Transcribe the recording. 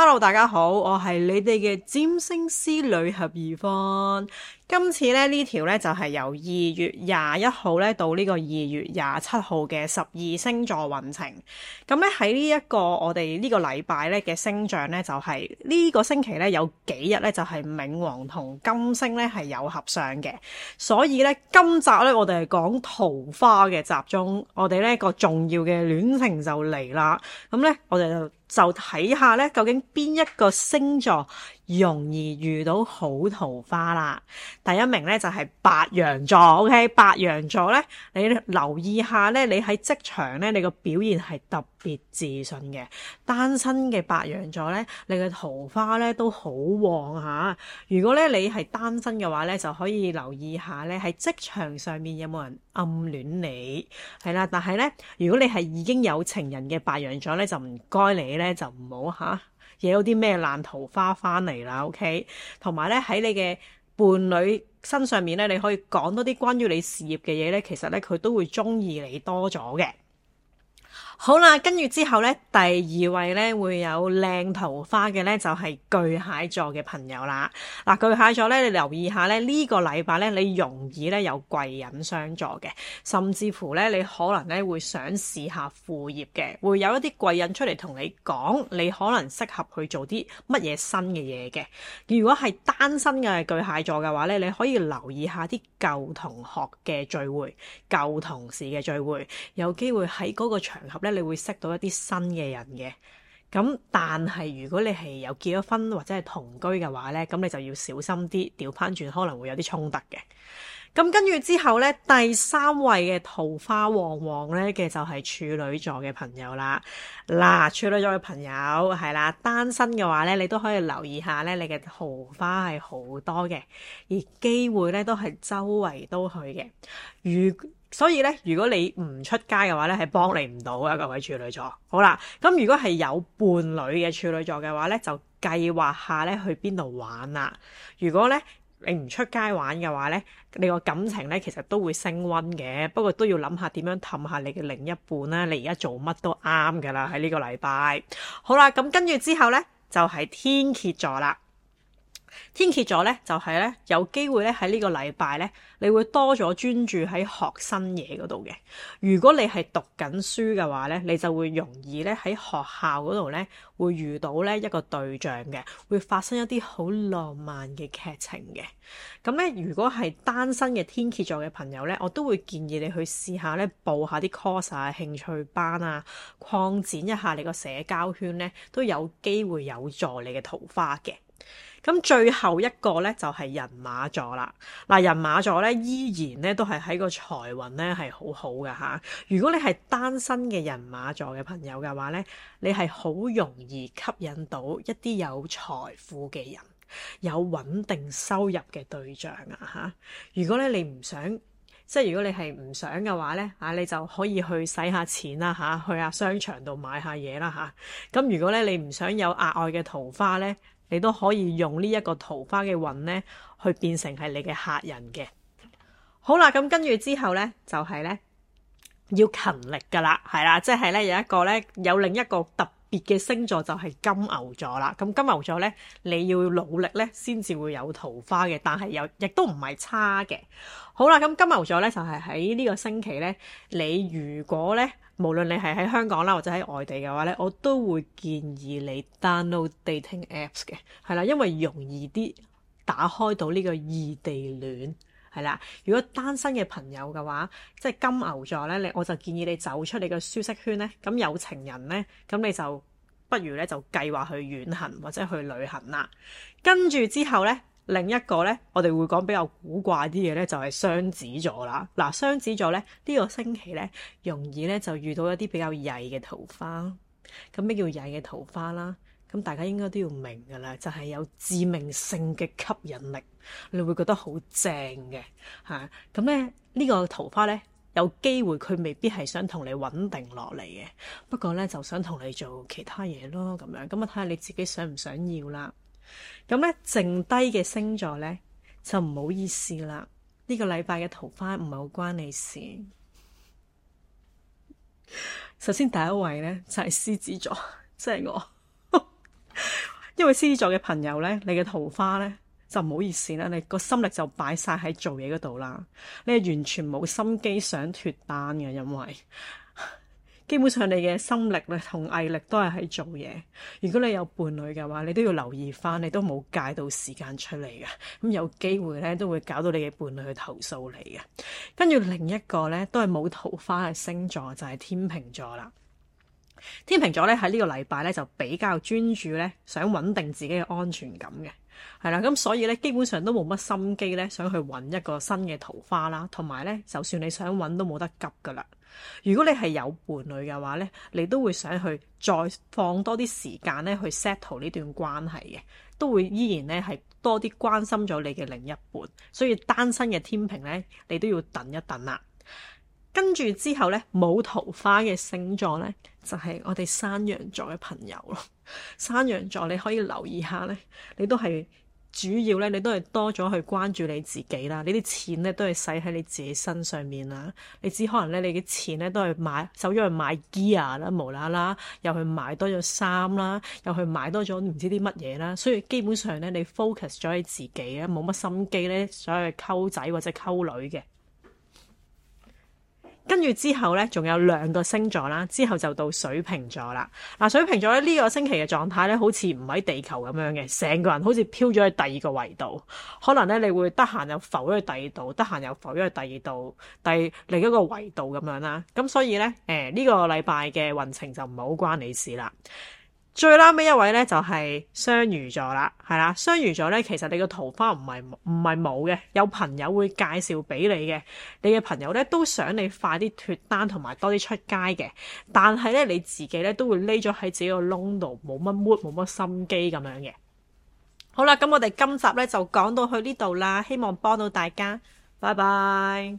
Hello，大家好，我係你哋嘅占星師女合怡芳。今次咧呢條咧就係由二月廿一號咧到呢個二月廿七號嘅十二星座運程。咁咧喺呢一個我哋呢個禮拜咧嘅星象咧就係呢個星期咧有幾日咧就係冥王同金星咧係有合相嘅，所以咧今集咧我哋係講桃花嘅集中，我哋呢個重要嘅戀情就嚟啦。咁咧我哋就。就睇下咧，究竟邊一個星座？容易遇到好桃花啦！第一名咧就係白羊座，OK，白羊座咧，你留意下咧，你喺職場咧，你個表現係特別自信嘅。單身嘅白羊座咧，你嘅桃花咧都好旺吓。如果咧你係單身嘅話咧，就可以留意下咧，喺職場上面有冇人暗戀你，係啦。但係咧，如果你係已經有情人嘅白羊座咧，就唔該你咧，就唔好吓。惹到啲咩爛桃花翻嚟啦，OK？同埋咧，喺你嘅伴侶身上面咧，你可以講多啲關於你事業嘅嘢咧，其實咧，佢都會中意你多咗嘅。好啦，跟住之後呢，第二位呢會有靚桃花嘅呢，就係巨蟹座嘅朋友啦。嗱，巨蟹座呢，你留意下呢，呢個禮拜呢，你容易呢有貴人相助嘅，甚至乎呢，你可能呢會想試下副業嘅，會有一啲貴人出嚟同你講，你可能適合去做啲乜嘢新嘅嘢嘅。如果係單身嘅巨蟹座嘅話呢，你可以留意下啲舊同學嘅聚會、舊同事嘅聚會，有機會喺嗰個場合咧。你會識到一啲新嘅人嘅，咁但係如果你係有結咗婚或者係同居嘅話咧，咁你就要小心啲，掉返轉可能會有啲衝突嘅。咁跟住之後咧，第三位嘅桃花旺旺咧嘅就係、是、處女座嘅朋友啦。嗱、啊，處女座嘅朋友係啦，單身嘅話咧，你都可以留意下咧，你嘅桃花係好多嘅，而機會咧都係周圍都去嘅。如所以咧，如果你唔出街嘅話咧，係幫你唔到呀。各位處女座，好啦，咁如果係有伴侶嘅處女座嘅話咧，就計劃下咧去邊度玩啦。如果咧你唔出街玩嘅話咧，你個感情咧其實都會升溫嘅。不過都要諗下點樣氹下你嘅另一半啦。你而家做乜都啱噶啦，喺呢個禮拜，好啦。咁跟住之後咧就係天蠍座啦。天蠍座咧，就係咧有機會咧喺呢個禮拜咧，你會多咗專注喺學新嘢嗰度嘅。如果你係讀緊書嘅話咧，你就會容易咧喺學校嗰度咧會遇到咧一個對象嘅，會發生一啲好浪漫嘅劇情嘅。咁咧，如果係單身嘅天蠍座嘅朋友咧，我都會建議你去試下咧報下啲 course 啊、興趣班啊，擴展一下你個社交圈咧，都有機會有助你嘅桃花嘅。咁最後一個咧就係人馬座啦，嗱，人馬座咧依然咧都係喺個財運咧係好好㗎吓，如果你係單身嘅人馬座嘅朋友嘅話咧，你係好容易吸引到一啲有財富嘅人，有穩定收入嘅對象啊吓，如果咧你唔想。即係如果你係唔想嘅話呢，啊你就可以去使下錢啦嚇，去下商場度買下嘢啦嚇。咁如果咧你唔想有額外嘅桃花呢，你都可以用呢一個桃花嘅運呢，去變成係你嘅客人嘅。好啦，咁跟住之後呢，就係呢，要勤力噶啦，係啦，即係呢，有一個呢，有另一個特別。別嘅星座就係金牛座啦，咁金牛座呢，你要努力咧，先至會有桃花嘅，但係又亦都唔係差嘅。好啦，咁金牛座呢，就係喺呢個星期呢，你如果呢，無論你係喺香港啦，或者喺外地嘅話呢，我都會建議你 download dating apps 嘅，係啦，因為容易啲打開到呢個異地戀。係啦，如果單身嘅朋友嘅話，即係金牛座呢，你我就建議你走出你嘅舒適圈呢。咁有情人呢，咁你就不如呢就計劃去遠行或者去旅行啦。跟住之後呢，另一個呢，我哋會講比較古怪啲嘅呢，就係雙子座啦。嗱，雙子座呢，呢個星期呢，容易呢就遇到一啲比較曳嘅桃花，咁咩叫曳嘅桃花啦？咁大家應該都要明嘅啦，就係有致命性嘅吸引力，你會覺得好正嘅嚇。咁咧，呢個桃花咧，有機會佢未必係想同你穩定落嚟嘅，不過咧，就想同你做其他嘢咯咁樣。咁啊，睇下你自己想唔想要啦。咁咧，剩低嘅星座咧，就唔好意思啦，呢個禮拜嘅桃花唔係好關你事。首先第一位咧，就係獅子座，即係我。因為獅子座嘅朋友呢，你嘅桃花呢就唔好意思啦，你個心力就擺晒喺做嘢嗰度啦，你係完全冇心機想脫單嘅，因為基本上你嘅心力咧同毅力都係喺做嘢。如果你有伴侶嘅話，你都要留意返，你都冇計到時間出嚟嘅，咁有機會呢，都會搞到你嘅伴侶去投訴你嘅。跟住另一個呢，都係冇桃花嘅星座就係、是、天秤座啦。天秤座咧喺呢個禮拜咧就比較專注咧想穩定自己嘅安全感嘅係啦，咁所以咧基本上都冇乜心機咧想去揾一個新嘅桃花啦，同埋咧就算你想揾都冇得急噶啦。如果你係有伴侶嘅話咧，你都會想去再放多啲時間咧去 settle 呢段關係嘅，都會依然咧係多啲關心咗你嘅另一半。所以單身嘅天秤咧，你都要等一等啦。跟住之後呢，冇桃花嘅星座呢，就係我哋山羊座嘅朋友咯。山羊座你可以留意下呢，你都係主要呢，你都係多咗去關注你自己啦。你啲錢呢，都係使喺你自己身上面啦。你只可能咧，你啲錢呢，都係買，走咗去買 gear 啦，無啦啦又去買多咗衫啦，又去買多咗唔知啲乜嘢啦。所以基本上呢，你 focus 咗你自己啊，冇乜心機呢，想去溝仔或者溝女嘅。跟住之後呢，仲有兩個星座啦，之後就到水瓶座啦。嗱，水瓶座咧，呢個星期嘅狀態呢，好似唔喺地球咁樣嘅，成個人好似飄咗去第二個維度。可能呢，你會得閒又浮咗去第二度，得閒又浮咗去第二度，第另一個維度咁樣啦。咁所以呢，誒、欸、呢、呢個禮拜嘅運程就唔係好關你事啦。最拉尾一位咧就係雙魚座啦，係啦，雙魚座咧其實你個桃花唔係唔係冇嘅，有朋友會介紹俾你嘅。你嘅朋友咧都想你快啲脫單，同埋多啲出街嘅，但係咧你自己咧都會匿咗喺自己個窿度，冇乜 mood，冇乜心機咁樣嘅。好啦，咁我哋今集咧就講到去呢度啦，希望幫到大家。拜拜。